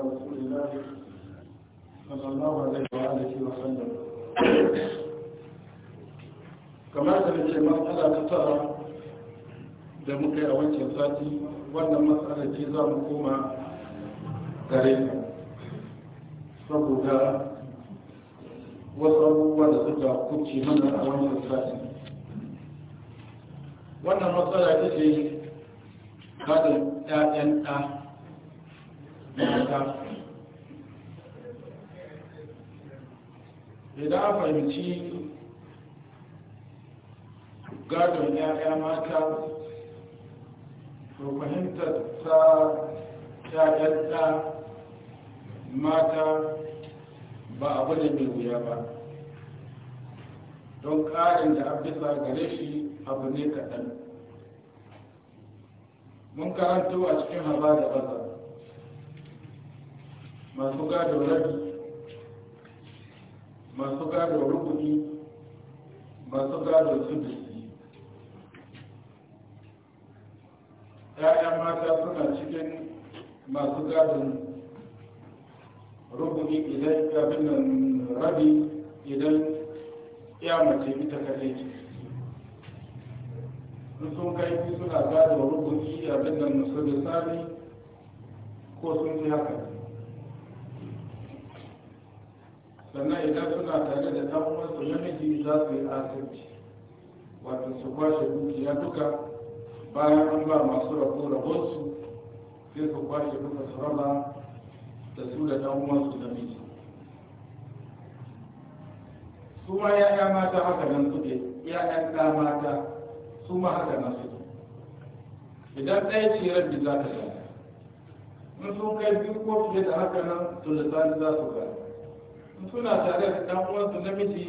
رسول الله صلى الله عليه وآله kamar da ke matsala ta tara da muka yi a wancan sati wannan matsala ce za mu koma gare saboda wasu abubuwa da suka kuce wannan matsala ce 'ya'yan idan fahimci gadon ya'ya mata to fahimtar ta ya'yarta mata ba abu da mai wuya ba don ƙarin da abisa gare shi abu ne kaɗan mun karanto a cikin haba da baza masu gado rabi masu gado rukuni masu gado sudusi ya'ya mata suna cikin masu gadon rukuni idan gabin nan rabi idan ya mace ita kadai sun kai suna gado rukuni abin nan su da sami ko sun fi haka sannan idan suna tare da su uwansu namiji za su yi asirci wato su kwashe dukiya duka bayan an ba masu rabo rabonsu sai su kwashe duka su raba da su da ɗan uwansu namiji su ma ya'ya mata haka nan suke ya'yan ɗa mata su ma haka nan suke idan ɗaya ce rabbi za ta gana in sun kai biyu ko fiye da haka nan to da za su gani suna tare da dan uwansu namiji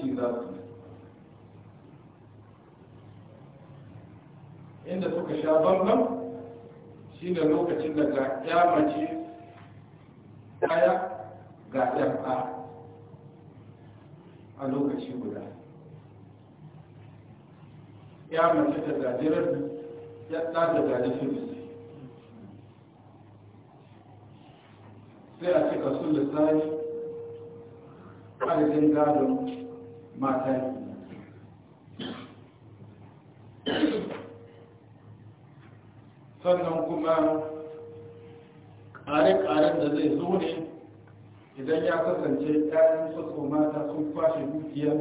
ci za su inda suka sha bambam shi ne lokacin da ga ya mace ɗaya ga ɗaya a lokaci guda ya mace da gajirar ya ɗa da gajirar sai a cika sun lissani adadin gadon mata sannan kuma ƙare-ƙaren da zai zo ne idan ya kasance ɗayan soso mata sun kwashe dukiyar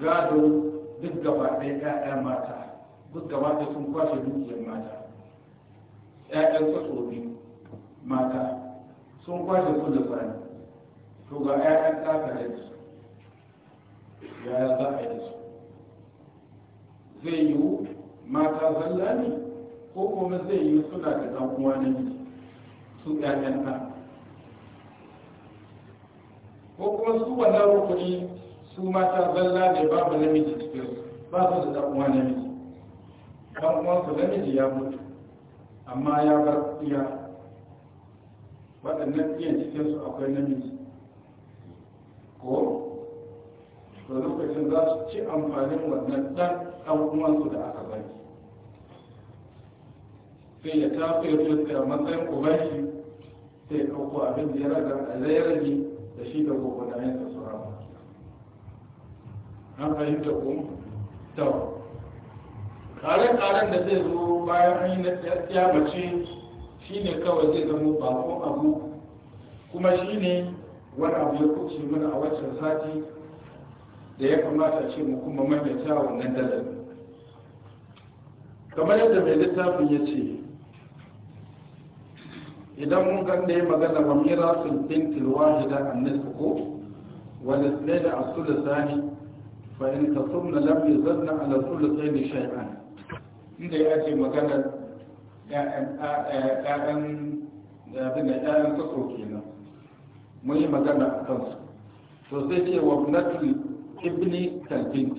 gado duk gaba ɗaya ƴaƴa mata duk gaba ɗaya sun kwashe dukiyar mata ƴaƴan soso biyu mata sun kwashe su da sani to ga ƴaƴan kafirai da su yaya za a yi da su zai yiwu mata zalla ne ko kuma zai yiwu suna da ɗan uwa na miji su ƴaƴan ka ko kuma su wannan rukuni su mata zalla ne babu namiji cikin su ba su da ɗan uwa kan ɗan uwansu namiji ya mutu amma ya bar iya waɗannan iya cikinsu akwai namiji za su ci amfanin wannan ɗan ɗan uwansu da aka bari sai ya tafi ya fi a matsayin ubanshi sai ya ɗauko abin da ya raga a zairani da shi da gobanayen da su rama an fahimta ko tawa kare-karen da zai zo bayan an yi na ya mace shi ne kawai zai zama bakon abu kuma shi ne wani abu ya kuce mana a waccan sati da ya kamata ce mu kuma maimaita wannan dalilin kamar yadda mai littafin ya ce idan mun da ya magana wa mirasul bintil wahida an nisfu Sani, lisnayn ka sulusani lafi in a lasu da tsaye da shay'an inda ya ce magana ƴaƴan abin da ƴaƴan kaso mun yi magana a kansu to sai ce wa ibnatul ابن كالبنت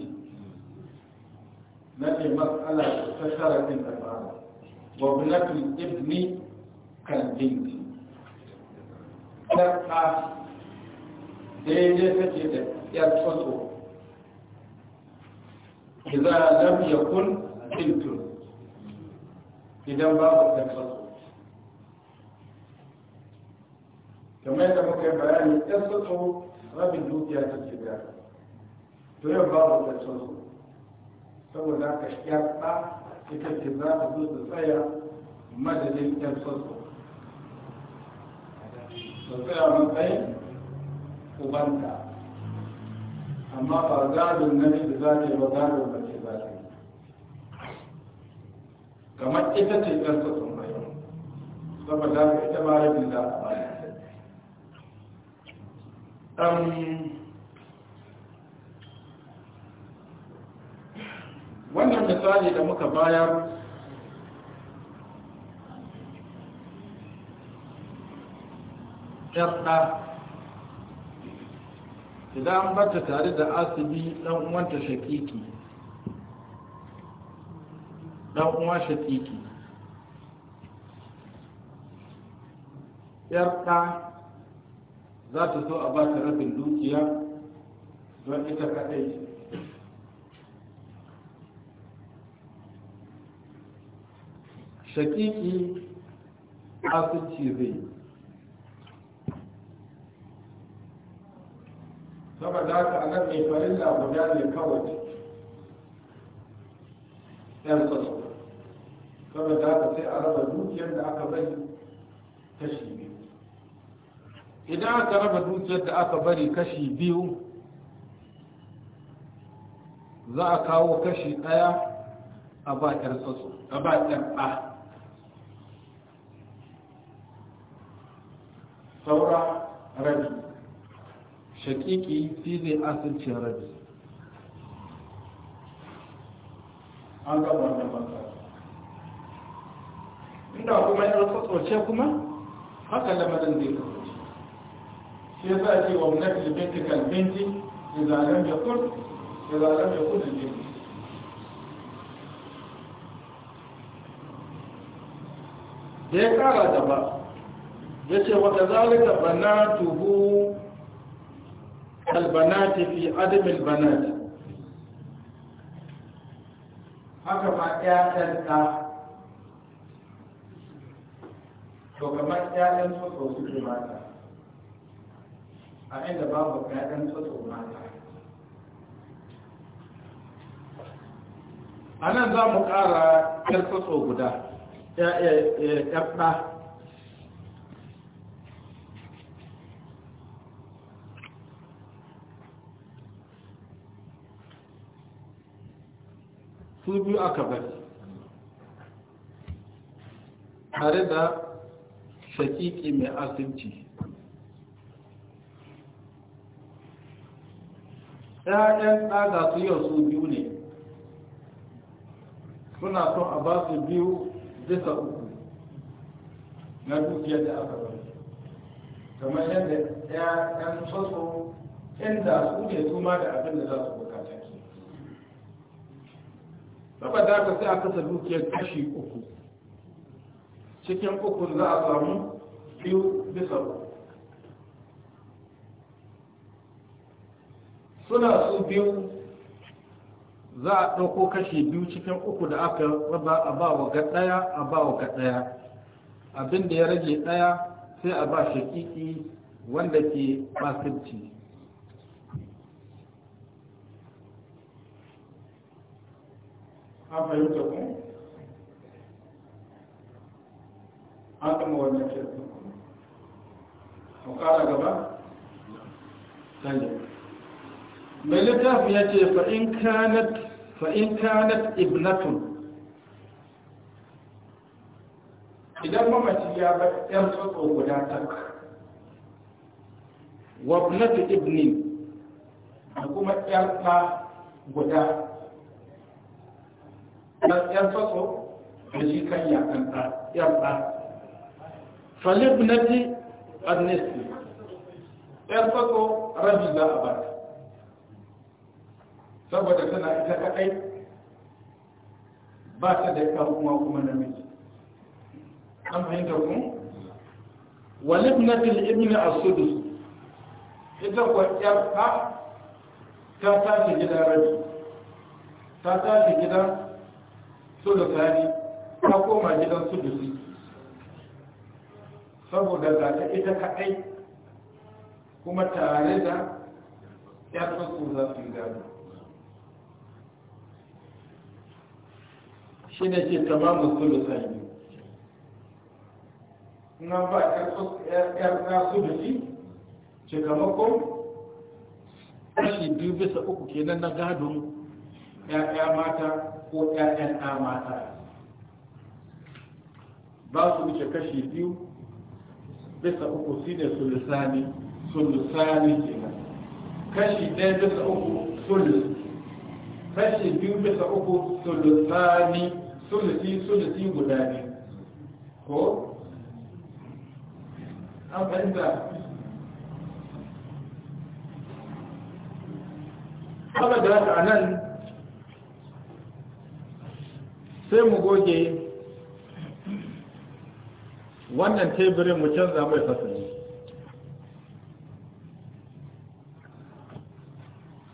المسألة مسألة استشارة الأفعال وابنة الابن كالبنت تبقى ديجة جدا يرفضه إذا لم يكن بنت إذا ما بقى كما يتبقى بأني يرفضه رب الدوت يرفض جدا to yau babu zancen su saboda ka yarda ita ce za ta zo ta tsaya madadin yan sassu ta tsaya matsayin ubanta amma ba gadon na da za ta yi ba gadon ba ce za ta yi kamar ita ce yan sassu mai saboda ita ma rabin da ta wannan misali da muka bayar yarda idan bata tare da asibi dan uwanta shakiki dan uwa shakiki yarda za ta so a ba ta rabin dukiya don ita kadai shakiki asirci zai saboda haka a nan mai farilla guda ne kawai yan sassu saboda haka sai a raba dukiyar da aka bari kashi biyu idan aka raba dukiyar da aka bari kashi biyu za a kawo kashi ɗaya a ba 'yan sassu a ba 'yan saura rabi shakiki shi ne asirci rabi an gaba da banka inda kuma ya tsotsoce kuma haka lamarin zai kasance shi ya sa ce wa munafi da binti kalbinti da da kun da zalen da kun jini da ya kara da ba ya ce wata zalika banatuhu albanati fi adamin banati haka ma ƴaƴan ta to kamar ƴaƴan soso suke mata a inda babu ƴaƴan soso mata a nan za mu ƙara ƴar soso guda ƴaƴa su biyu aka bari tare da shakiki mai asibci ‘ya'yan ɗaga su yau su biyu ne suna so a ba su biyu bisa uku na dukiyar da aka bari kamar yadda ‘ya'yan soso inda su ne su ma da abin da za su saboda haka sai aka kasa dukiyar kashi uku cikin uku za a samu biyu bisa suna su biyu za a ɗauko kashi biyu cikin uku da aka raba a ba wa ga ɗaya a ba wa ga ɗaya abinda ya rage ɗaya sai a ba shakiki wanda ke ɓasirci an fahimta ku an kama wannan kirkin mu kara gaba ɗanyen mai littafi ya ce fa'in kanat ibnatun idan mamaci ya ba ‘yan tsotso guda tak wabnatu ibnin da kuma ‘yan guda na yan faso da shi kan yakan ɗa yan ɗa falib na ji amnesty yan tsatso rabi za a ba saboda tana ita kadai ba ta da ƴan uwa kuma namiji an fahimta ku walib na ji ibn asudus ita kuwa ƴan ɗa ta tashi gidan rabi ta tashi gidan su da gani ta koma gidan su da su saboda za ta ita kaɗai kuma tare da ya su za su yi gano shi ne ce tamamu su da sani na ba ya su da shi cikamakon kashi biyu bisa uku kenan na gado ya'ya mata ko ƴaƴan ɗa mata ba su wuce kashi biyu bisa uku su ne sulusani sulusani kenan kashi ɗaya bisa uku sulus kashi biyu bisa uku sulusani sulusi sulusi guda ne ko an fahimta da haka a nan sai mu goge wannan teburin mu canza mai fasali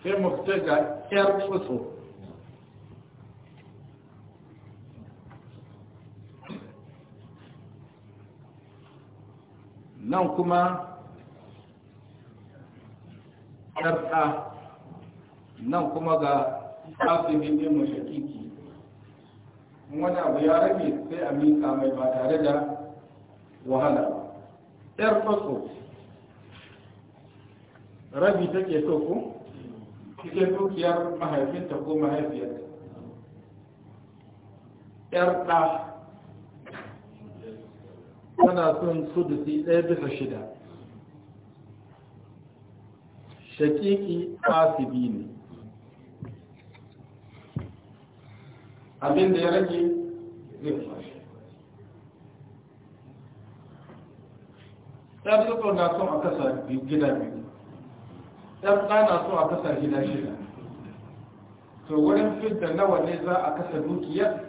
sai mu fita ga 'yar tsotso nan kuma ƙarƙa nan kuma ga ƙafin hindin mashakiki wani abu ya rage sai a miƙa mai ba tare da wahala yar faso rabi take so ku cikin dukiyar mahaifinta ko mahaifiyarta yar ɗa tana son sudusi ɗaya bisa shida shakiki asibi ne abin da ya rage zai fashi ɗan zuko na son a kasa gida biyu ɗan ɗa na son a kasa gida shida to wurin fidda nawa ne za a kasa dukiyar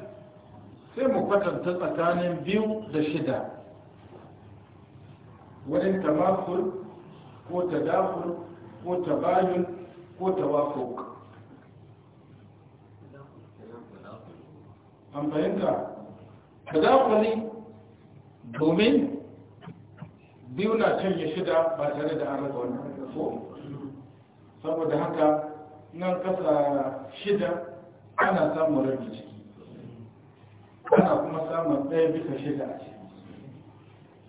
sai mu kwatanta tsakanin biyu da shida wurin tamakul ko ta tadakul ko tabayun ko ta tawafuk an bayanta ka za kwali domin biyu na canje shida ba tare da an raba wani so saboda haka nan kasa shida ana samun rabi ciki ana kuma samun ɗaya bisa shida a ciki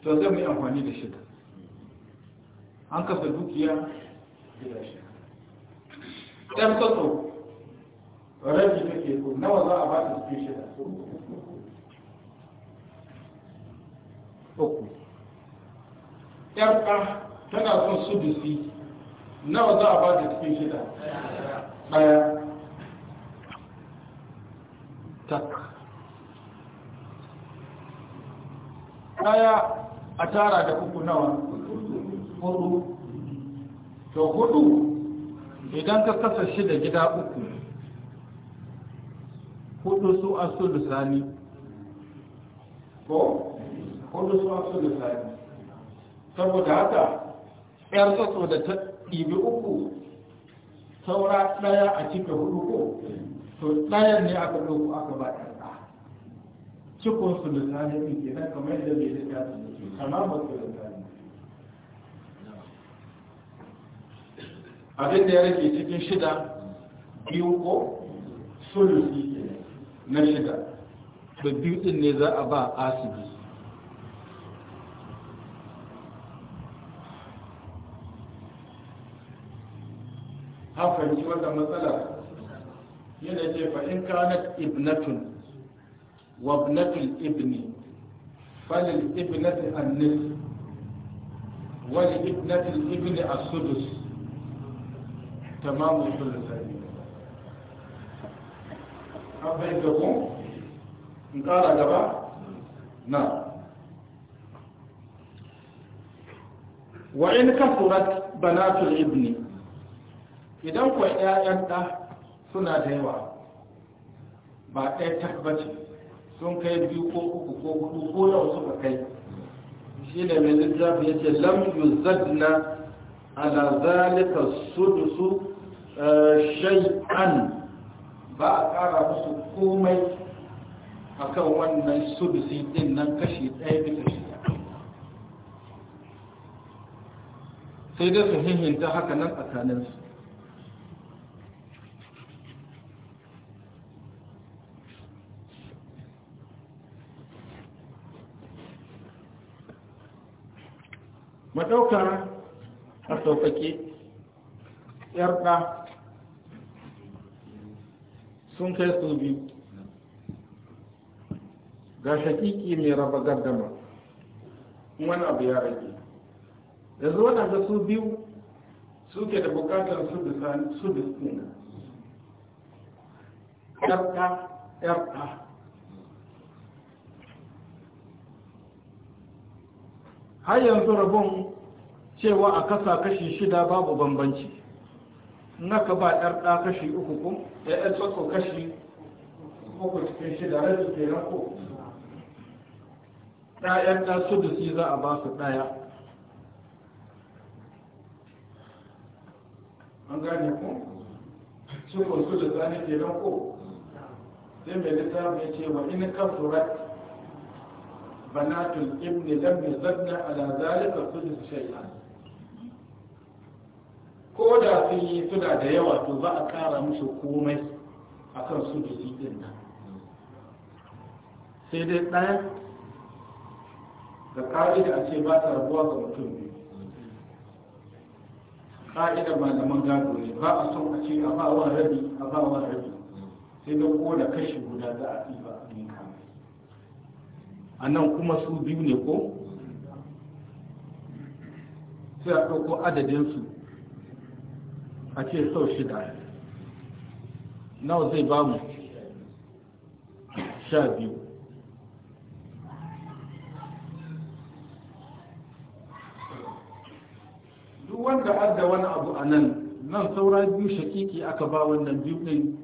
to zai mai amfani da shida an kasa dukiya gida shida ɗan kaso rabi take so nawa za a ba ta su shida uku yarka tana son su sudusi nawa za a ba da cikin shida ɗaya tak ɗaya a tara da uku nawa hudu to hudu idan ka kasa shida gida uku hudu su a sulusani ko hudu su a sulusani saboda haka yar tsotso da ta ɗibi uku saura ɗaya a cika hudu ko to ɗayan ne aka ɗauko aka ba ɗaya cikin su lisani ne ke nan kamar yadda bai rika su kama ba su lisani abin da ya rage cikin shida biyu ko sulusi ke na shida da biyu din ne za a ba asibi hafanci wata matsala yana ce fa in kanat ibnatun wa ibnatul ibni falil ibnati annis wal ibnatul ibni as-sudus tamamu thuluthani ka fahimta ko in kara gaba na wa in kasurat banatul ibni idan kuwa 'ya'yan ɗa suna da yawa ba ɗaya tabbaci sun kai biyu ko uku ko hudu ko yau suka kai shi ne mai littafi ya ce lam yuzadna ala zalika sudusu eh, shay'an ba a ƙara musu komai a kan wannan sudusi din nan kashi ɗaya bisa shida sai dai su hihinta haka nan tsakaninsu maɗauka a sauƙaƙe 'yar sun kai su biyu ga shakiki mai raba gardama wani abu ya rage yanzu waɗanda su biyu suke da bukatar su da suna yarta yarta har yanzu rabon cewa a kasa kashi shida babu bambanci naka ba ɗar ɗa kashi uku ko ya ɗan tsotso kashi uku cikin shida su ke ko ɗayan ɗan su da shi za a ba su ɗaya an gane ku cikin da ne ke ko sai mai littafi ya ce wa in kafurat banatul ibni lam a ala zalika sudus shay'an ko da sun yi suna da yawa to ba a kara musu komai a kan su jiri ɗin nan sai dai ɗaya da ka'ida a ce ba ta rabuwa ga mutum biyu ba malaman gado ne ba a son a ce a ba wa rabi a ba wa rabi sai da ko da kashi guda za a ba a ninka a nan kuma su biyu ne ko sai a ɗauko adadinsu a ce sau shida nawa zai ba mu sha biyu duk wanda adda wani abu a nan nan saura biyu shakiki aka ba wannan biyu ɗin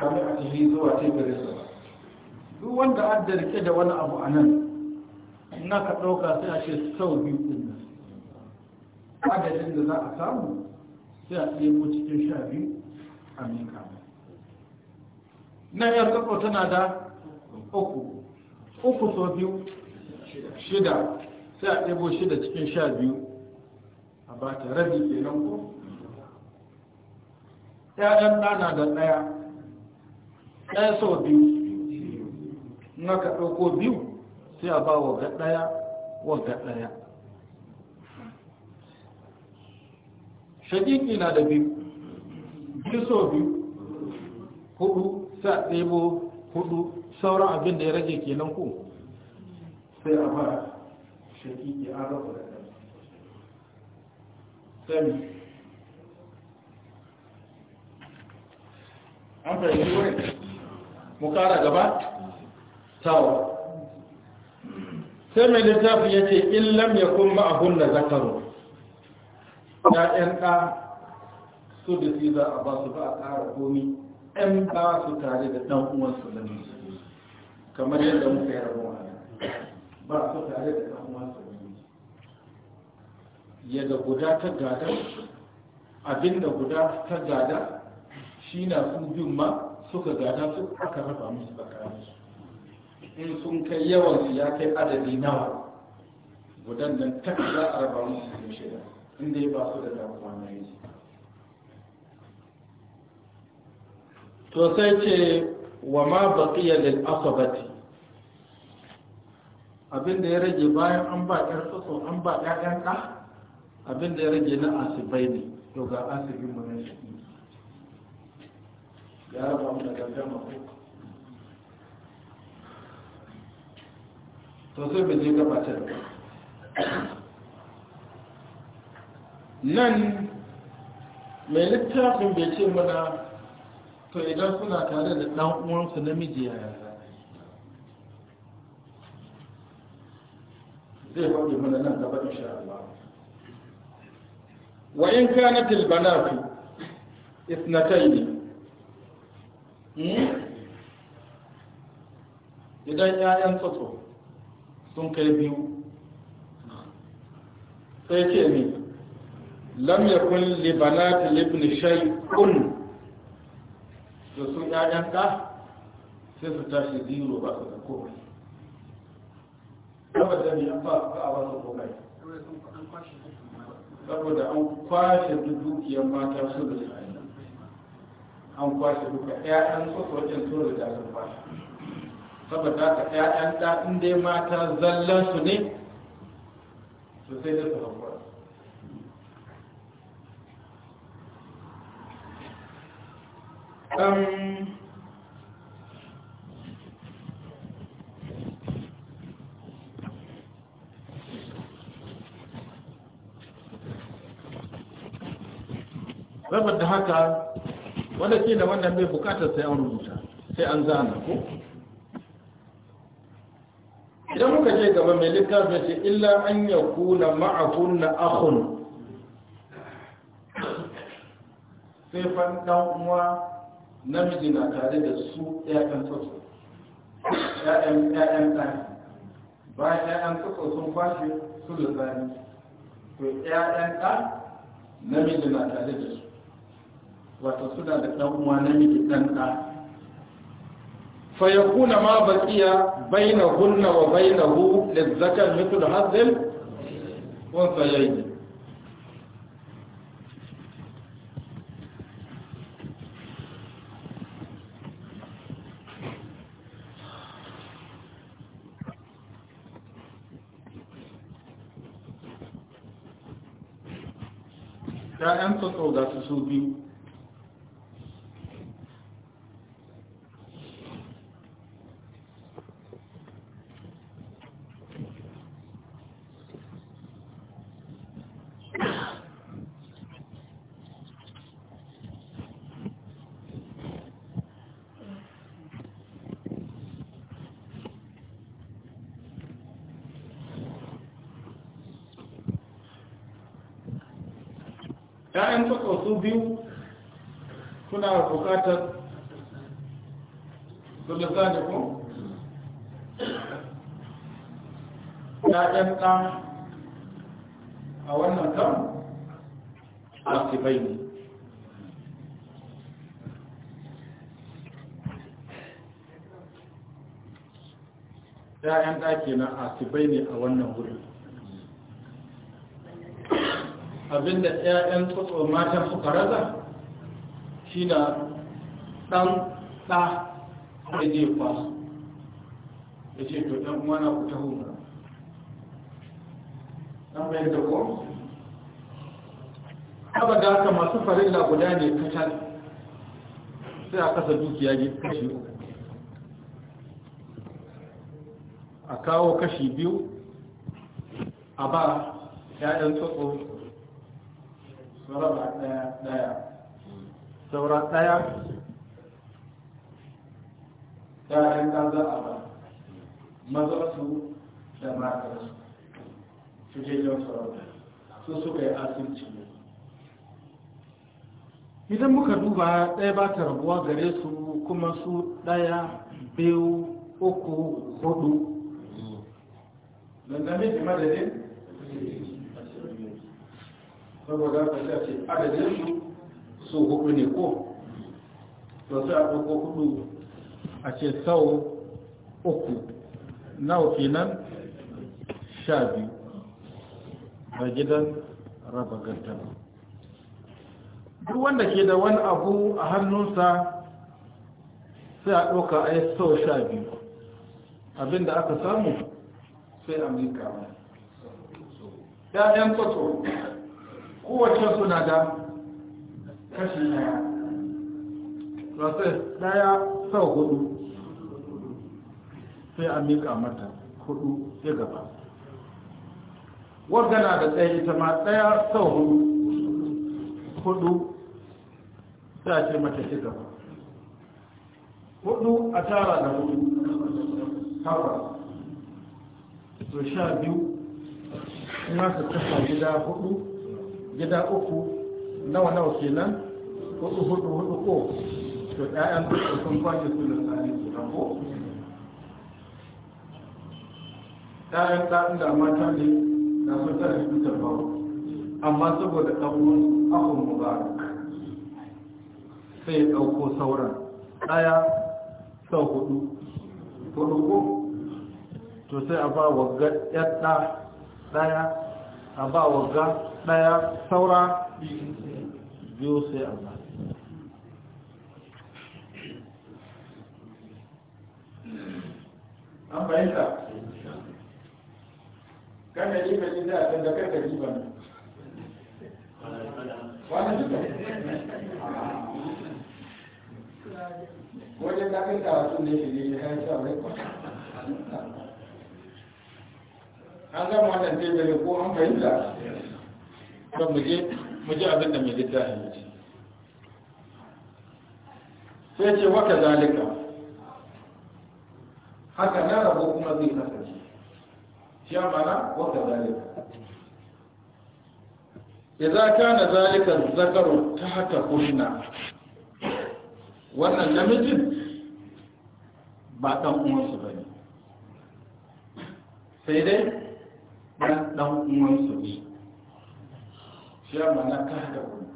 kame a cikin zuwa ta gare su duk wanda adda rike da wani abu a nan na ka ɗauka sai a ce sau biyu ɗin nan adadin da za a samu sai a ɗebo cikin sha biyu a miƙa na yar kakau tana da uku uku so biyu shida sai a ɗebo shida cikin sha biyu a ba ta rabi ke nan ko ‘ya'yan ɗana da ɗaya ɗaya sau biyu na ka ɗauko biyu sai a ba wa ga ɗaya wa ga ɗaya shaƙiƙi na da biyu biyu so biyu hudu sa ɗebo hudu sauran abin da ya rage kenan ku sai a fara shaƙiƙi a rabu da ɗan sami an fahimci wani mu kara gaba tawa sai mai littafi ya ce in lam ya kuma ahun da zakaru ya'yan ɗa su da su za a ba su ba a ƙara komi 'yan ba su tare da ɗan uwansu da musulmi kamar yadda muka yi rabuwa ba su tare da ɗan uwansu da musulmi yadda guda ta gada abinda guda ta gada shi na sun biyun ma suka gada su aka raba musu tsakaninsu in sun kai yawan su ya kai adadi nawa gudan nan ta za a raba musu da shida inda ya ba su da damuwa to sai ce wa ma baqiya lil asabati abin da ya rage bayan an ba ƴar tsotso an ba ƴaƴan ɗa abin da ya rage na asibai ne to ga asibin mu ne shi ya raba mu da gardama ko to sai bai je gaba ta nan mai littafin bai ce mana to idan suna tare da ɗan uwansu namiji yaya zai faɗi mana nan gaba insha Allah wa in kanat al banatu ithnatayn hmm? idan 'ya'yan tsotso sun kai biyu sai ce ne lam yakun li banati ibn shay'un to su ƴaƴan ka sai su tashi zero ba su da komai saboda ne an ba su ba su komai saboda an kwashe dukiyar mata su da an kwashe duka ƴaƴan su su wajen su da sun kwashe saboda ka ƴaƴan ta in dai mata zallan su ne to sai da su um, rabar da haka wanda ke da wannan mai bukatar sai an rubuta sai an zana ko idan muka ce gaba mai littafin ce illa an yi kuna ma'afun na ahun sai fan ɗan'uwa namiji na tare da su ‘ya'yan tsotso ɗayan ɗayan ɗan bayan ɗayan tsotso sun kwashe su da zani to ɗayan ɗan namiji na tare da su wato suna da ɗan uwa namiji ɗan ɗan ma baƙiya bai na bainahunna wa mutu da mithlu hadhil unsayayn am sau ga this will be. biyu kuna buƙatar su da ku Ya ɗan a wannan kan asibai ne ya'yan ɗaki na asibai ne a wannan wuri abinda 'ya'yan tsotso matan suka raza shi da ɗan ɗa da zai kwasu ya ce to ɗan wana ku ta hunga ɗan bayan da ko? haka da haka masu farilla guda ne kacal sai a kasa dukiya ne kashi uku a kawo kashi biyu a ba 'ya'yan tsotso raba ɗaya ɗaya saura ɗaya ɗayan ɗan za a ba maza su da matar su je yau sarauta su suka yi asirci idan muka duba ɗaya ba ta rabuwa gare su kuma su ɗaya biyu uku hudu da namiji madadin saboda ka sha ce adadin su su hudu ne ko to sai a ɗauko hudu a ce sau uku nawa kenan sha biyu a gidan raba gantar. duk wanda ke da wani abu a hannunsa sai a ɗauka a yi sau sha biyu abinda aka samu sai a mika ‘ya'yan kwato kowace suna da kashi daya rasu daya sau hudu sai a mika mata hudu ya gaba na da tsaye ita ma ɗaya sau hudu hudu sai a ce mata ya gaba hudu a tara da hudu hawa to sha biyu in tafa gida hudu gida uku nawa nawa kenan hudu hudu hudu ko to ɗayan sun kwashe su da tsari guda ko ɗayan ɗan da mata ne na su tara su da amma saboda abun mu mubarak sai ya ɗauko sauran ɗaya sau hudu hudu ko to sai a ba wa ga ɗaya a ba wa ga daya saura biyu sai a an fahimta kan da riba jin da da kan da riba ne wani duka wajen da karatu ne ne ya kai sa mai kwata an gama wannan teburin ko an fahimta kan muje muje abin da mai littafin ya ce sai ce waka zalika haka na rabu kuma zai kasance shi amana waka zalika idza kana zalika zakaru ta haka kunna wannan namijin ba dan uwansu bane sai dai dan dan uwansu ne ya mana ta da ku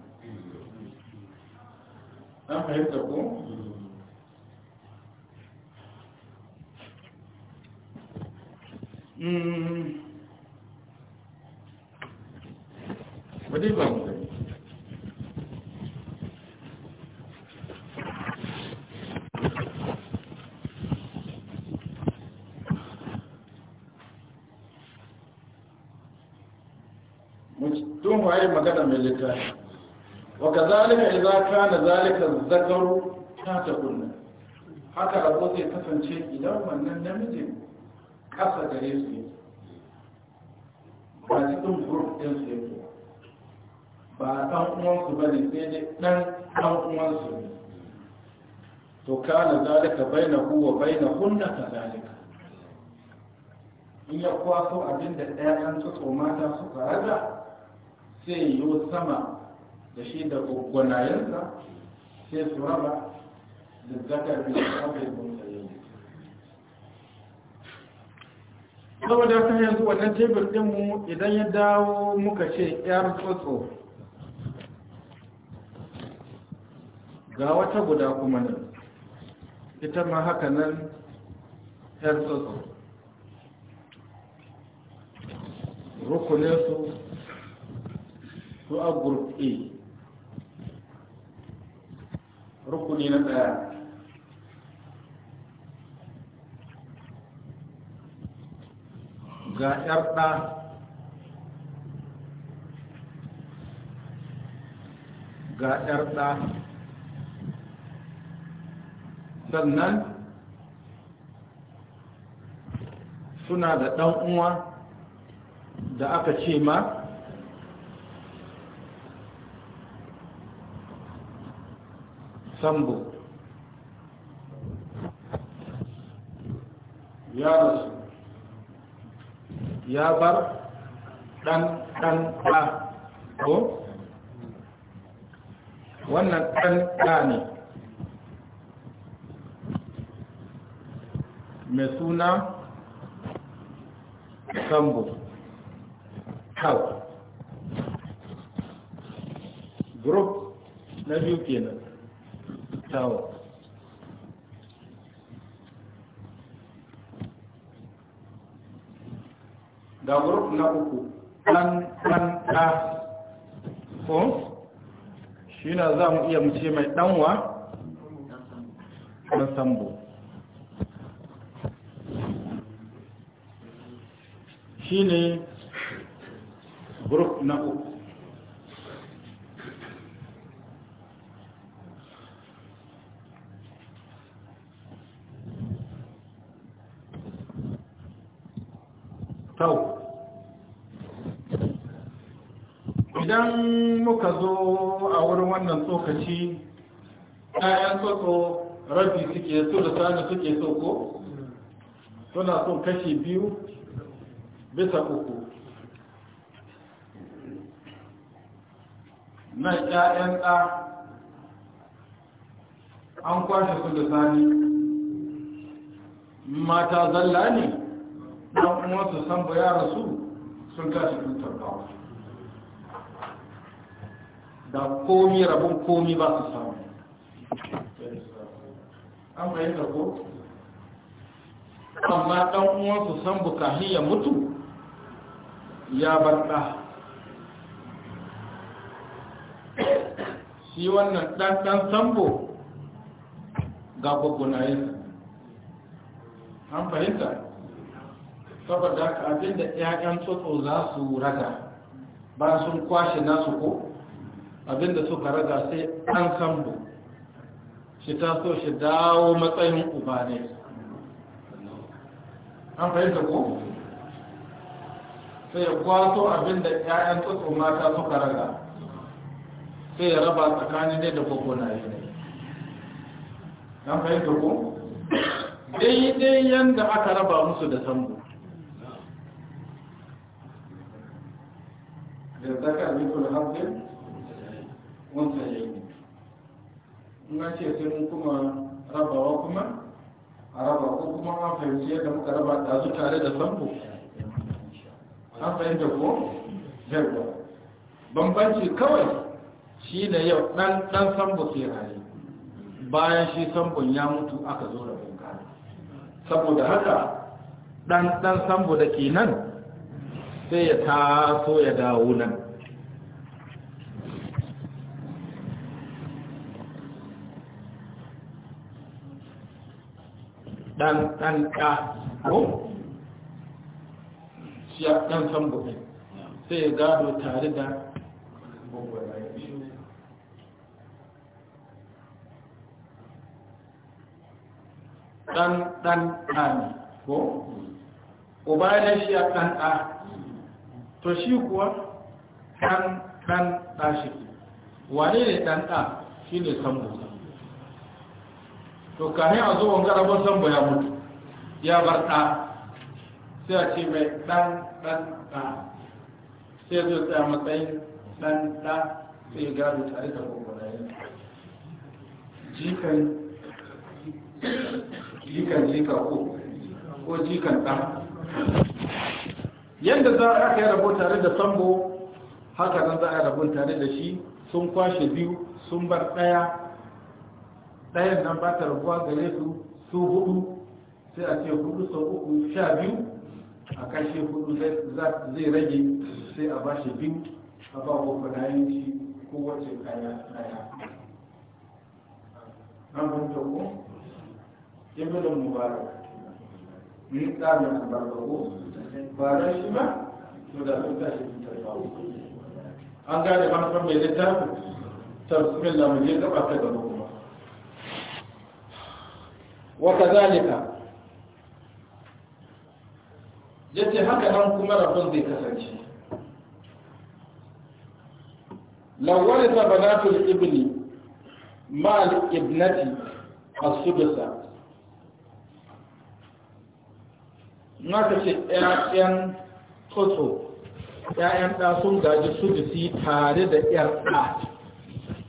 an fahimta ku Wadai hmm. ba mu bayan magana mai littafi wa kazalika idza kana zalika zakaru ta ta kunna haka rabo zai kasance idan wannan namijin kasa gare su yake ba cikin group din su yake ba ɗan uwansu ba ne sai dai ɗan ɗan uwansu ne to kana zalika na wa bainahunna zalika. in ya kwaso abinda ɗaya an tsotso mata suka raja sai yiwu sama da shi da gwanayensa sai su raba da zakar da abin mutane saboda ta yanzu wannan tebur mu idan ya dawo muka ce yar tsotso ga wata guda kuma nan ita ma haka nan yar tsotso rukunin su. su a group a rukuni na ɗaya ga 'yar ɗa ga 'yar sannan suna da ɗan uwa da aka ce ma sambo ya rasu ya bar ɗan ɗan ɗa ko wannan ɗan ɗa ne mai suna sambo kawai group na biyu kenan to da group na uku ɗan ɗan ɗa ko shi na za mu iya mu mai ɗanwa na sambo shi ne group na uku idan muka zo a wurin wannan tsokaci ɗayan tsoko rabi suke so da sani suke so ko suna so kashi biyu bisa uku na ƴaƴan ɗa an kwashe su da sani mata zalla ne ɗan uwansu san bayara su sun tashi tutar bawa da komi rabin komi ba su samu an fahimta ko amma ɗan uwansu san bukahi ya mutu ya barka shi wannan dan sambo ga gwaggunayensa an fahimta saboda haka da 'ya'yan tsotso za su raga ba sun kwashe nasu ko abinda suka raga sai an sambo shi ta so shi dawo matsayin uba ne an fahimta ko sai ya kwato abinda 'ya'yan tsotso mata suka raga sai ya raba tsakanin ne da kokonaye ne an fahimta ko daidai yadda aka raba musu da sambo da zaka abin kula hamsin wancan ya yi in an ce sai kuma rabawa kuma a raba ko kuma an fahimci yadda muka raba ta su tare da sambo an fahimta ko yawwa bambanci kawai shi da yau dan dan sambo ke raye bayan shi sambon ya mutu aka zo da bunka saboda haka dan dan sambo da ke nan sai ya taso ya dawo nan dan dan ka ko shi dan san bude sai ya gado tare da dan dan ɗani ko uba ne shi a ɗan to shi kuwa ɗan ɗan ɗa shi wane ne dan ɗa shi ne san bude to kafin a zo wani rabon sambo ya mutu ya bar ɗa sai a ce mai ɗan ɗan ɗa sai zo tsaya matsayin ɗan ɗa sai ya gado tare da gwagwarayen jikan jikan jika ko ko jikan ɗa yadda za a yi rabo tare da sambo haka nan za a rabo tare da shi sun kwashe biyu sun bar ɗaya ɗayan nan ba ta rabuwa gare su su hudu sai a ce hudu sau uku sha biyu a kashe hudu zai rage sai a ba shi biyu a ba wa kwanayen shi kowace kaya daya na hunta ko ibn mubarak ni tsarin albarkako ba ran shi ba to da sun tashi fitar ba an gane manufar mai littafi ta bismillah mu je gaba ta gaba وكذلك yace haka nan kuma rabin zai kasance lawwali ta banatul ibni ma'al ibnati as-sudusa naka ce ƴaƴan tsotso ƴaƴan ɗa sun gaji sudusi tare da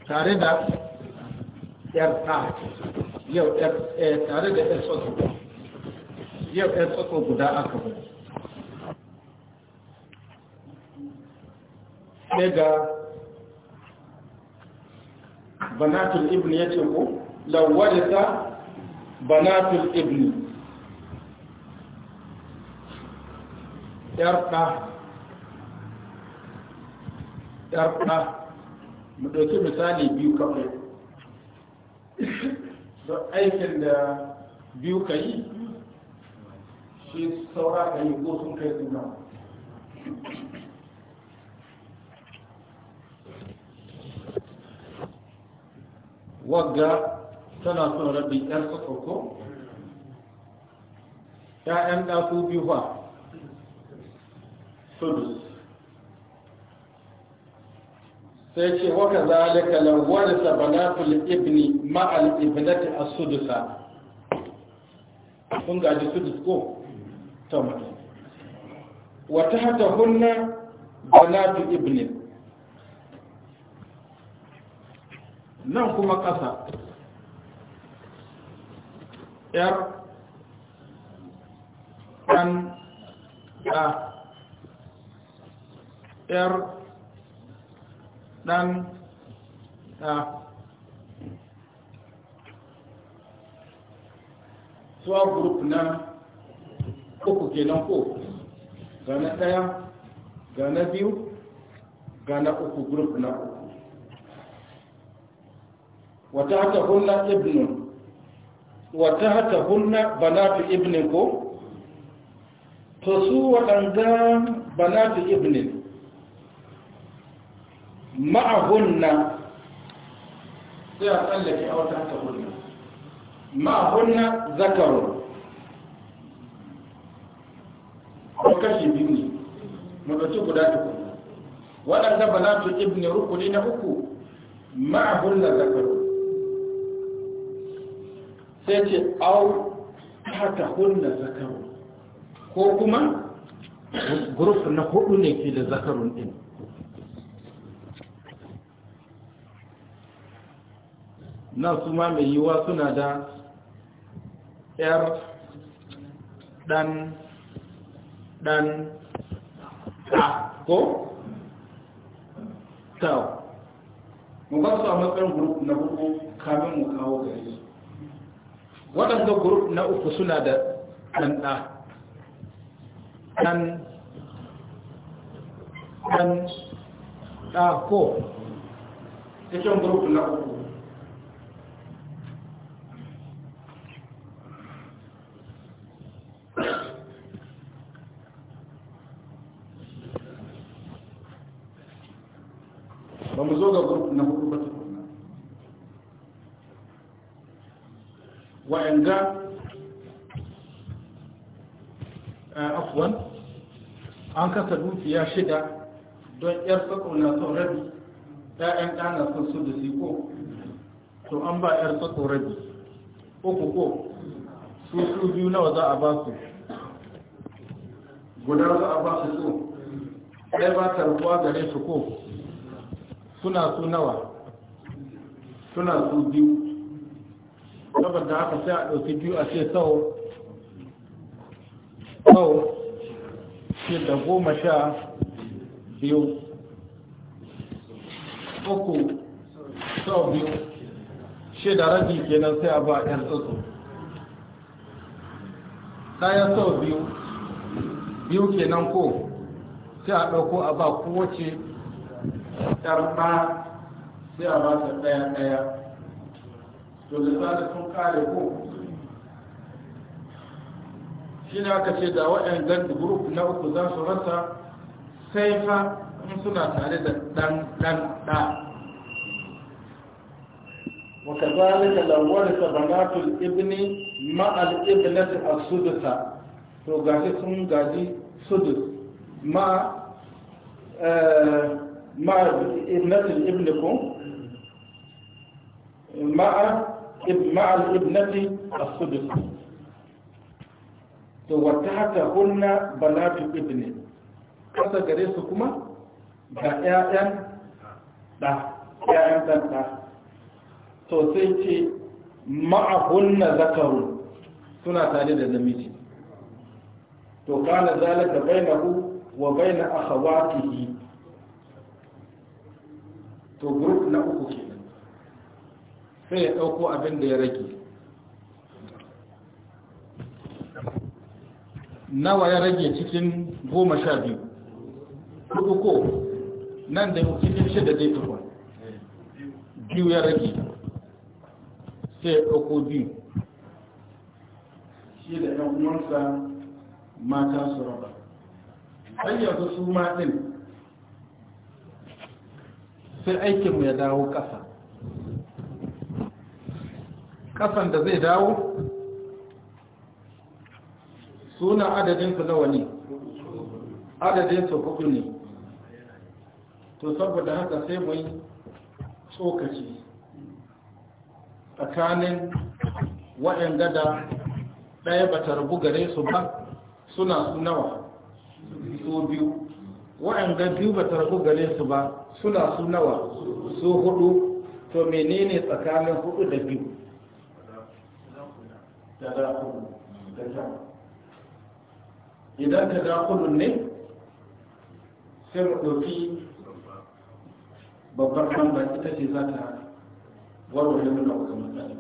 ƴar ɗa yau eh, eh, tare da yan tsotso yau yan eh, tsotso guda aka gudu sai ga banatul ibn ya ce ko lawarisa banatul ibn yarda yarda mu ɗauki misali biyu kawai da aikin da biyu ka yi shi saura ka yi ko sun kai suna wagga tana son rabin 'yar ta 'ya'yan ɗaku biyu ba sudus sai ce waka zalika lawar sabanatul ibni ma'al ibnati as-sudusa Sun gaji sudus ko ta mutu wata hata hunna banatu ibni nan kuma ƙasa yar kan a, yar ɗan ta tuwa group na uku kenan ko ga na ɗaya ga na biyu ga na uku group na uku wata hata hunna ibnu wata hata hunna banatu ibnu ko to su waɗanda banatu ibnu ma'ahunna sai a tsallake a wata ta hunna ma'ahunna zakarun ko kashi biyu ne mutuci guda tukuna waɗanda balatu ruku ne na uku ma'ahunna zakarun sai ce au hata hunna zakarun ko kuma guruf na hudu ne ke da zakarun ɗin Na su ma mai yiwuwa suna da ‘yar ɗan ɗan ta ko? tau mu ba su a matsayin guruf na uku kamin mu kawo gari. waɗanda guruf na uku suna da ɗan ɗa ɗan ɗan ɗa ko cikin guruf na uku wa'anga eh, afwan an kasa dukiya shida don yar tsakon na son rabi ɗayan ɗana sun su da siko to an ba yar tsakon rabi uku ko su su biyu nawa za a ba su guda za a ba su so ɗaya ba ta rufuwa gare su ko suna su nawa suna su biyu da haka sai a ɗauki biyu a ce sau sau ce da goma sha biyu uku sau biyu shi da rabi kenan sai a ba ɗan tsotso ɗaya sau biyu biyu kenan ko sai a ɗauko a ba kowace ɗarɓa sai a ba ta ɗaya ɗaya to lissanin sun kare ko da na uku za su rasa sai fa in suna tare da ɗan ɗan ɗa وكذلك لو ورث بنات الابن مع الابنة السدسة to gashi sun gaji sudus ma eh, ma ibnatul مع الابنة السدس وتحت هن بنات ابن kasa gare su kuma ga 'ya'yan da 'ya'yan ɗanɗa to sai ce ma'ahunna zakarun suna tare da namiji to kana zalika bainahu wa baina akhawatihi to group na uku ke sai ya ɗauko abin da ya rage nawa ya rage cikin goma sha biyu hudu ko nan da cikin shida zai tukun biyu ya rage sai ya ɗauko biyu shi da ɗan mata su raba har yanzu su ma ɗin sai aikinmu ya dawo ƙasa kasan da zai dawo suna adadinsu nawa ne adadinsu hudu ne to saboda haka sai mu yi tsokaci tsakanin wa'yan gada ɗaya ba ta rabu gare su ba suna su nawa su biyu wa'yan gada biyu ba ta rabu gare su ba suna su nawa su hudu to menene tsakanin hudu da biyu idan da ta idan ne sai mu ɗauki babbar lamba ita ce za ta warware nuna wa kamar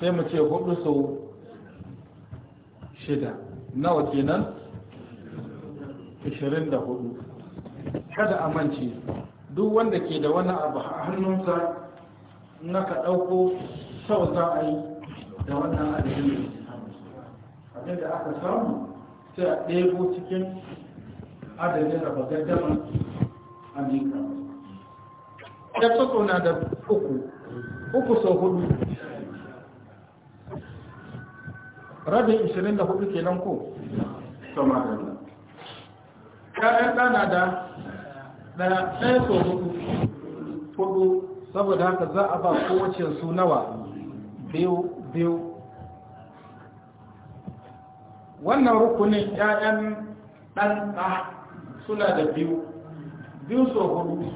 sai mu ce hudu sau shida nawa kenan 24 kada a manci. duk wanda ke da wani abu a hannunsa na ka ɗauko sau za a yi da wannan adadin da ke hannu da aka samu sai a ɗebo cikin adadin da bagaggaman amurka ya tsoko na da uku uku sau hudu rabin kenan ko sama da nan ƙa'yan ɗana da ɗaya ɗaya sau hudu hudu saboda haka za a ba kowace su nawa biyu biyu wannan rukunin 'ya'yan ɗan ɗa suna da biyu biyu so hudu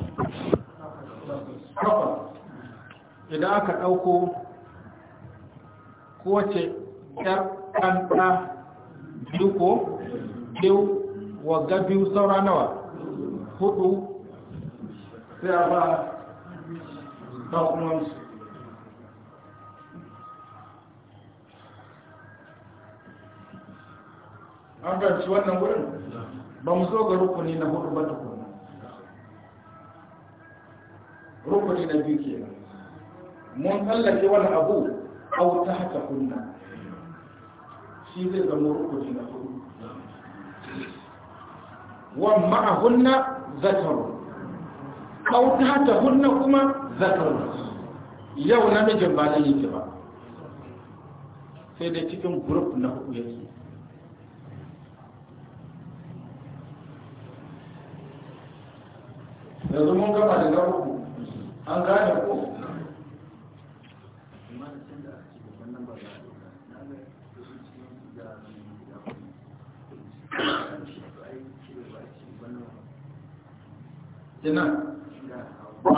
idan aka ɗauko kowace ɗan ɗanɗa biyu ko biyu ga biyu saura nawa hudu sai a ba ɗan'uwansu an ganci wannan wurin ba mu zo ga rukuni na hudu ba tukuna rukuni na biyu ke mun tsallake wani abu au ta haka kunna shi zai zama rukuni na hudu wa ma'ahunna zakaru au ta haka kunna kuma zakaru yau namijin ba zai yi ba sai dai cikin grup na hudu yake yanzu mun gama da na an gane ko ina ba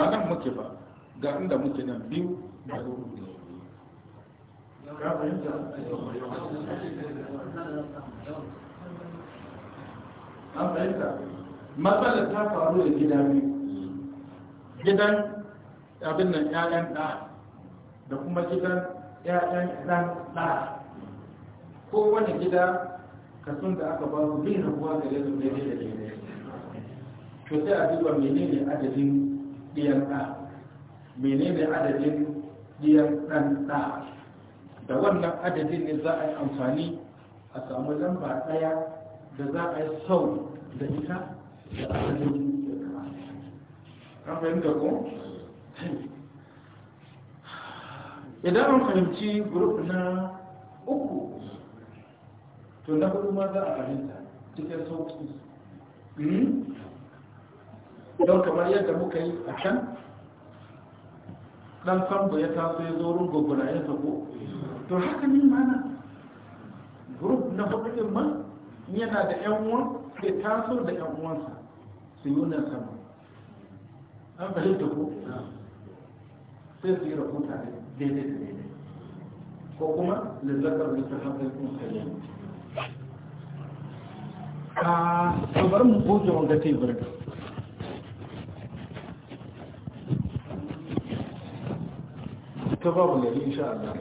nan muke ba ga inda muke nan biyu da rubu ne an fahimta matsalar ta faru da gida biyu gidan abin nan ƴaƴan ɗa da kuma gidan ƴaƴan ɗan ɗa wani gida kasun da aka ba su bin rabuwa da yanzu ne da daidai to sai a duba menene adadin ɗiyan ɗa menene adadin ɗiyan ɗan ɗa da wannan adadin ne za a yi amfani a samu lamba ɗaya da za a yi sau da ita da adadin an fahimta ko idan an fahimci group na uku to na hudu ma za a fahimta cikin sauki hmm? don kamar yadda muka yi a can dan sambo ya taso ya zo rungoguna ya sako to haka ne mana group na hudu ma yana da yan uwan ya taso da yan uwansa su yi wunan sama an fahimta ko sai su yi rahuta ne daidai da daidai ko kuma lullakar da ta haɗa kuma kayan a sabar mu goje wanga tebur ta babu gari insha Allah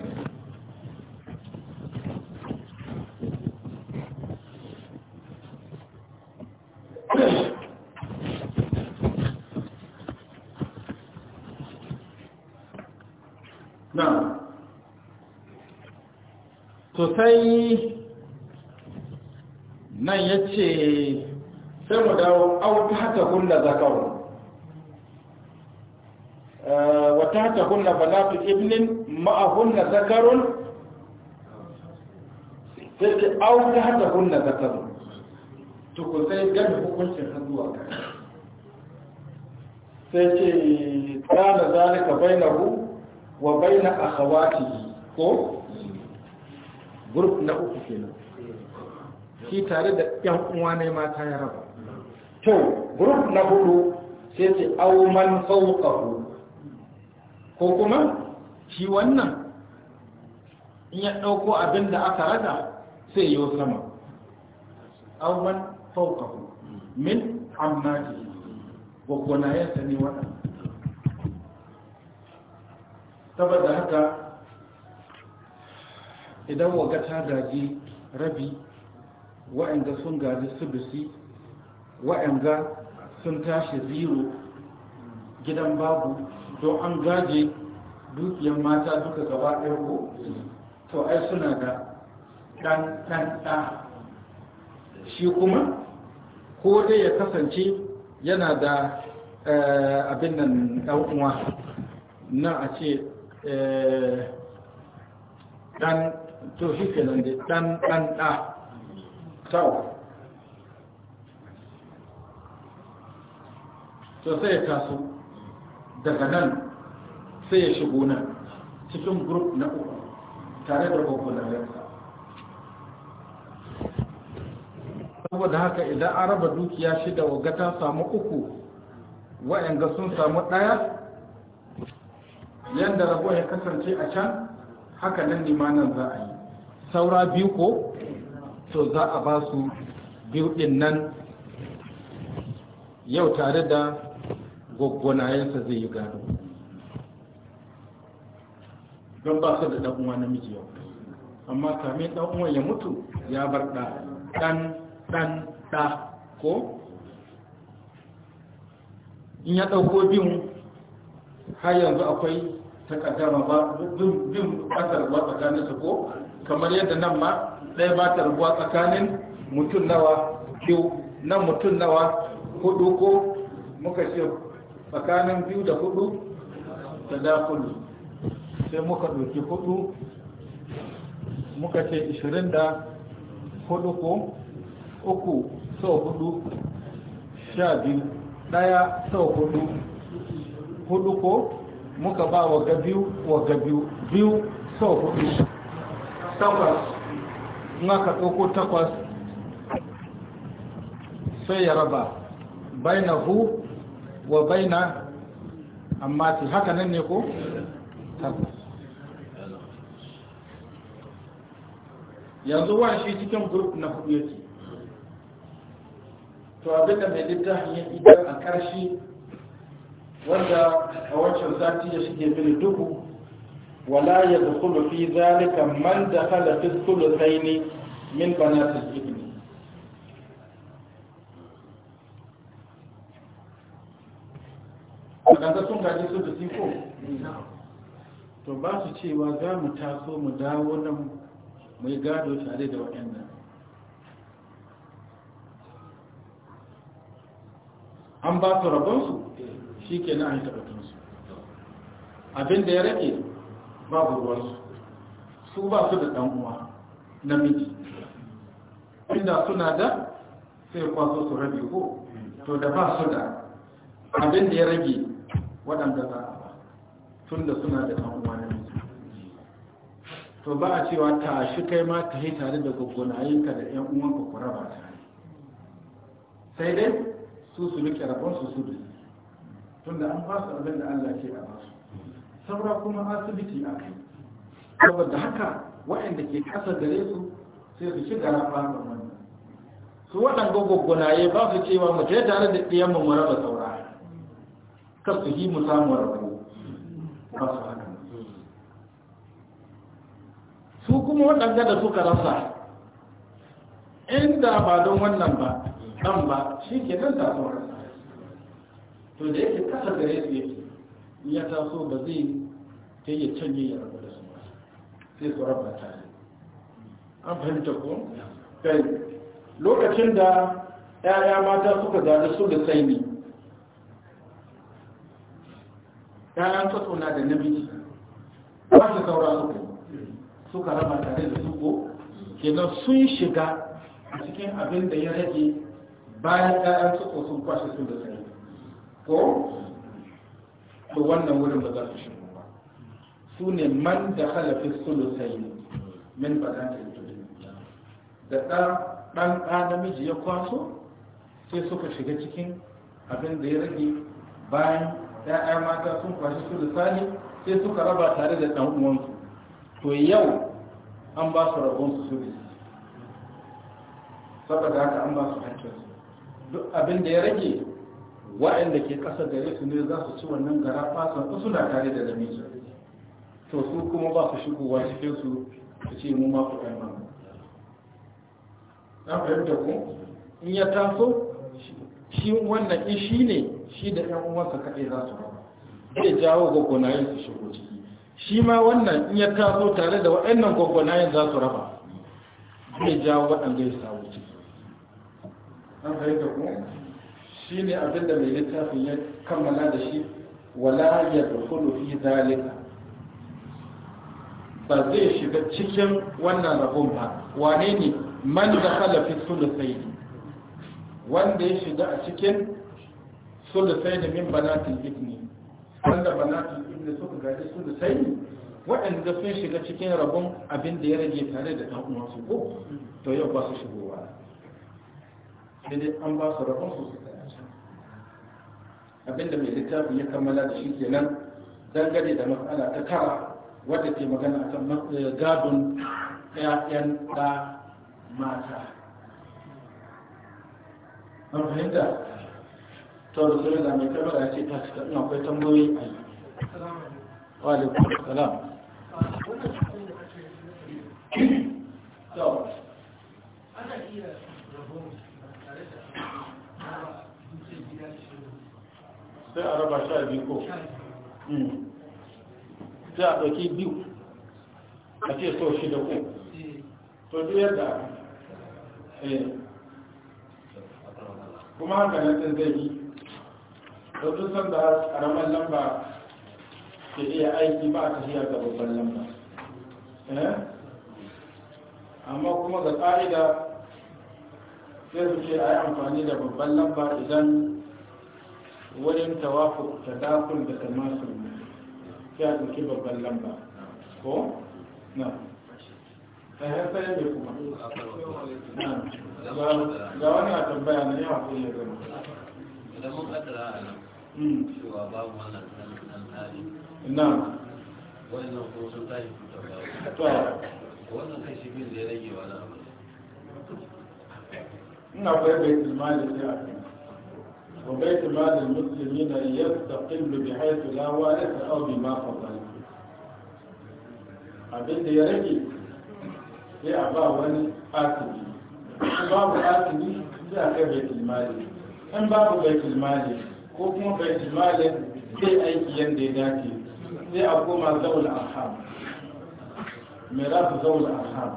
sosai nan ya ce sai mu dawo auta hata kulla zakaru eh, wata hata kulla balatu ibnin ma'ahunna zakarun sai ce auta hata kulla zakarun tukusai gani hukuncin hannuwa kai sai ce kana zalika bainahu wa baina akhawatihi ko group na uku kenan shi tare da yan uwa ne mata ya raba to group na hudu sai ce auman man ko kuma shi wannan in ya dauko abin da aka rada sai ya sama auman man min ammati wa kunayansa ne wannan saboda haka idan waga ta gaji rabi wa'anga sun gaji sudusi wa'anga sun tashi zero gidan babu don an gaje dukiyar mata duka gaba ɗaya ko to ai suna da ɗan ɗan ɗa shi kuma ko dai ya kasance yana da eh, abin nan ɗan'uwa na a ce eh, ɗan to shi ke nan da ɗan ɗan ɗa tau to sai ya taso daga nan sai ya shigo nan cikin grup na uku tare da kwakwalarsa saboda haka idan an raba dukiya shida waga ta samu uku wa'yanga sun samu ɗaya yadda rabo ya kasance a can haka nan nan za a yi saura biyu ko to za a ba su biyu ɗin nan yau tare da gwaggwanayensa zai yi gano don ba su da ɗan'uwa namiji yau amma kamin ɗan'uwan ya mutu ya bar ɗa ɗan ɗan ɗa ko in ya ɗauko bin har yanzu akwai takadama ba bin ƙasar ba tsakaninsu ko kamar yadda nan ma ɗaya ba ta rubuwa tsakanin mutum nawa biyu nan mutum nawa hudu ko muka ce tsakanin biyu da hudu da dakulu sai muka ɗauki hudu muka ce ishirin da hudu ko uku sau hudu sha biyu ɗaya sau hudu hudu ko muka ba wa ga biyu wa ga biyu biyu sau hudu takwas in aka ɗauko takwas sai ya raba baina hu wa baina amma ti haka nan ne ko? yanzu wa shi cikin grup na hudu yake to abinda mai littafin hanyar idan a ƙarshe wanda a wancan zati ya shige mini duku wala ya dukulu fi zalika man da kala fi sulusaini min banatul ibni wadanda sun gaji su da siko to ba su cewa za mu taso mu dawo nan mai gado tare da waɗannan an ba su rabonsu shi ke na an taɓa da ya rage babu ruwansu su ba su da ɗan'uwa uwa namiji inda suna da sai kwaso su rabi ko to da ba su da abin da ya rage waɗanda za a ba tun da suna da ɗan'uwa uwa namiji to ba a cewa ta shi kai ma ta yi tare da gaggonayinka da ‘yan uwanka ku raba tare sai dai su su rike rabon su su da tun da an ba su abin da Allah ke a ba su saura kuma asibiti a kai saboda haka waɗanda ke ƙasa gare su sai su shiga na fara wannan su waɗanda gwaggwanaye ba su cewa mu je tare da ɗiyan mu raba saura kar su yi mu samu rabo ba su haka su kuma waɗanda da suka rasa inda ba don wannan ba ɗan ba shi ke nan da saura to da yake ƙasa gare su yake ya taso ba zai ta yi canje ya rabu da su ba sai su ta tare an fahimta ko? kai lokacin da 'ya'ya mata suka zaɗi su da sai ne ‘ya'yan na da namiji ba su saura suka suka raba tare da suko kenan sun shiga a cikin abin da ya rage bayan ‘ya'yan tattauna sun kwashe su da sai ko? to wannan wurin ba za su shigo ba su ne man da halafin sulusai min ba za ta yi da ɗan namiji ya kwaso sai suka shiga cikin abin da ya rage bayan ya'ya mata sun kwashi sulusani sai suka raba tare da ɗan uwansu to yau an ba su rabonsu sulus saboda haka an ba su hankali duk abin da ya rage waɗanda ke ƙasa gare su ne za su ci wannan gara fasan su suna tare da namiji to su kuma ba su shigowa cikin su su ce mu ma kuɗin ba na fahimta ko in ya taso shi wannan in shi ne shi da ɗan uwansa kaɗai za su ba zai jawo gwaggwanayen su shigo ciki shi ma wannan in ya taso tare da waɗannan gwaggwanayen za su raba zai jawo waɗanda ya samu ciki an fahimta ko shi ne abinda mai littafin ya kammala da shi wala ya dukulu fi zalika ba zai shiga cikin wannan rabon ba wane ne man da halafi sulusai wanda ya shiga a cikin sulusai da min banatin ibni wanda banatin ibni suka gaji sulusai waɗanda sun shiga cikin rabon abin da ya rage tare da ɗan uwansu ko to yau ba su shigowa sai dai an ba su rabon su abinda mai littafin ya kammala da shi kenan dangane da matsala ta tara wadda ke magana kan eh, gadon ƴaƴan da mata an fahimta to da mai kamar ya ce ta cika ina akwai tambayoyi a yi wa alaikum salam sai a raba sha biyu ko hmm. sai a ɗauki biyu a ce so shida ko to duk yadda eh. kuma haka na tsin zai yi da duk sanda ƙaramin lamba ke iya aiki ba a tafiyar da babban lamba eh? amma kuma ga ƙa'ida sai su ce a yi amfani da babban lamba idan wajen tawafu tadakul da tamasul sai a ɗauki babban lamba ko na ɗaya sai da kuma ga wani a tambaya na yawa ko ya zama idan mun kaddara a nan cewa babu wannan ɗan hali na wannan ko sun tashi fitarwa wannan kashi bin da ya rage wani abu ina bai bai tilmali sai a kan وبيت مال المسلمين يستقل بحيث لا وارث أو بما فضل abin da ya rage sai a ba wani asibi in babu asibi sai a kai baitul mali in babu baitul mali ko kuma baitul mali zai aiki yadda ya dace sai a koma zaul arham mai rasu zaul arham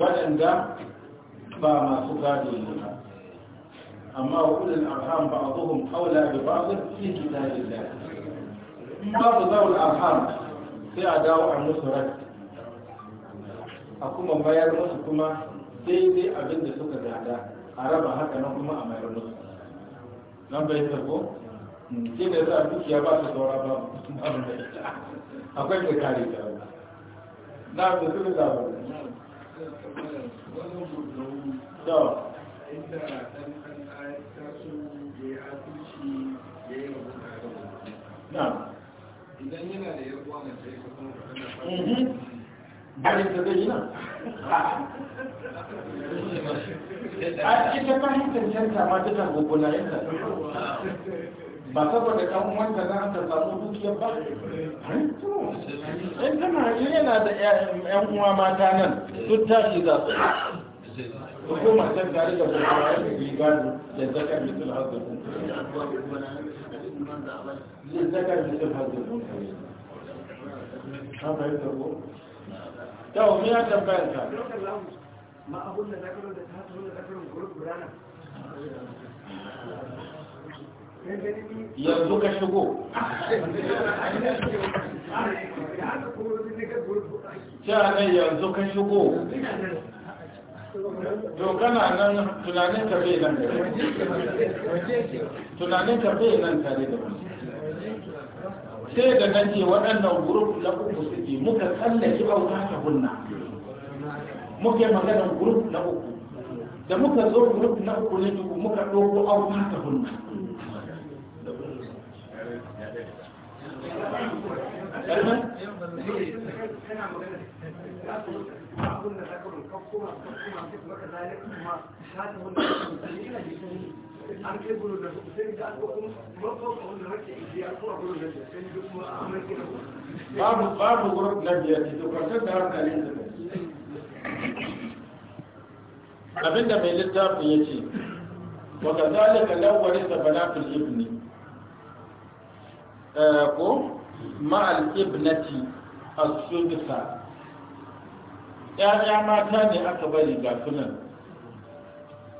waɗanda ba masu gado ne ba amma a alham ba wani wa ulul arham ba'dhum aula bi ba'd fi kitabillah in babu zawul alham sai a dawo a musu rai a kuma bayar musu kuma daidai abin da suka gada a raba haka na kuma a mayar musu nan bai sarko sai da za a dukiya ba su saura ba abin da ita akwai da kare ta na da su da ba da idan yana da yarwa na kuma barin da a ta ba saboda kan wanda za ta samu dukiyar ba in yana da yan uwa mata nan duk tashi za su hukumar ta tare da gugula yanta gado da zakar mitul hazzar ne ya ka yanzu ka shigo ce a yanzu ka shigo dokana nan tunanin ka bai nan tunanin ka bai nan tare da wani sai da nan ce waɗannan gurup na uku suke muka tsallake bauta ta hunna muke maganar gurup na uku da muka zo gurup na uku ne duk muka ɗauko auta ta hunna Kalmar? babu babu wurin na biyar ce dokar da hankalin da mai abinda mai littafin ya ce waka zalika lawari da banatul ibni ko ma'al ibnati as-sudisa 'ya'ya mata ne aka bari ga sunan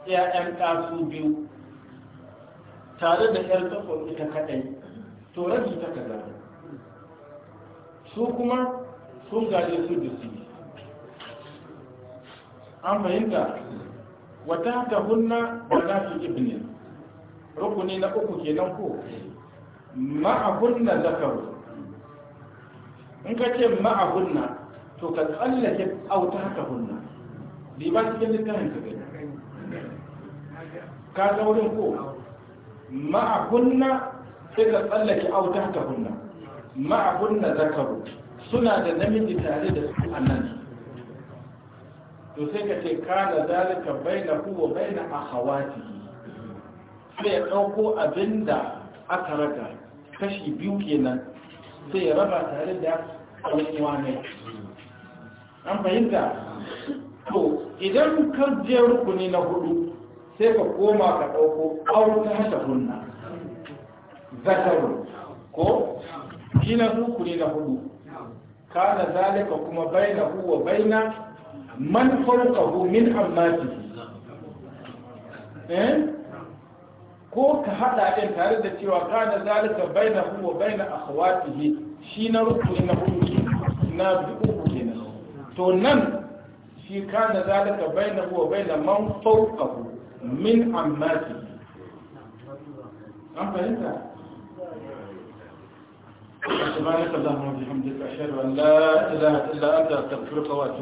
'ya'yan ƙasu biyu tare da 'yar tsakon ita kaɗai to rabi ta kaza su kuma sun gaje su da su an fahimta wata ta hunna ba za su ibnin rukuni na uku kenan ko hunna zakaru in ka ce hunna. to ka tsallake auta haka hunna liba cikin littafin ka gani ka ga wurin ko ma'a kunna sai ka tsallake auta haka hunna ma'a kunna zakaru suna da namiji tare da su a nan to sai ka ce ka da zalika baina huwa baina akhawati sai ya abin abinda aka raga kashi biyu kenan sai ya raba tare da ɗan ne an fahimta to idan ka je rukuni na hudu sai ka koma ka ɗauko auta hata hunna zakaru ko shi na rukuni na hudu na zalika kuma baina huwa baina man farqahu min ammati eh ko ka hada din tare da cewa na zalika baina huwa baina akhwatihi shi na rukuni na hudu na duk to nan shi kana da bainahu bai da man fawqahu min ammati an fahimta a اللهم وبحمدك أشهد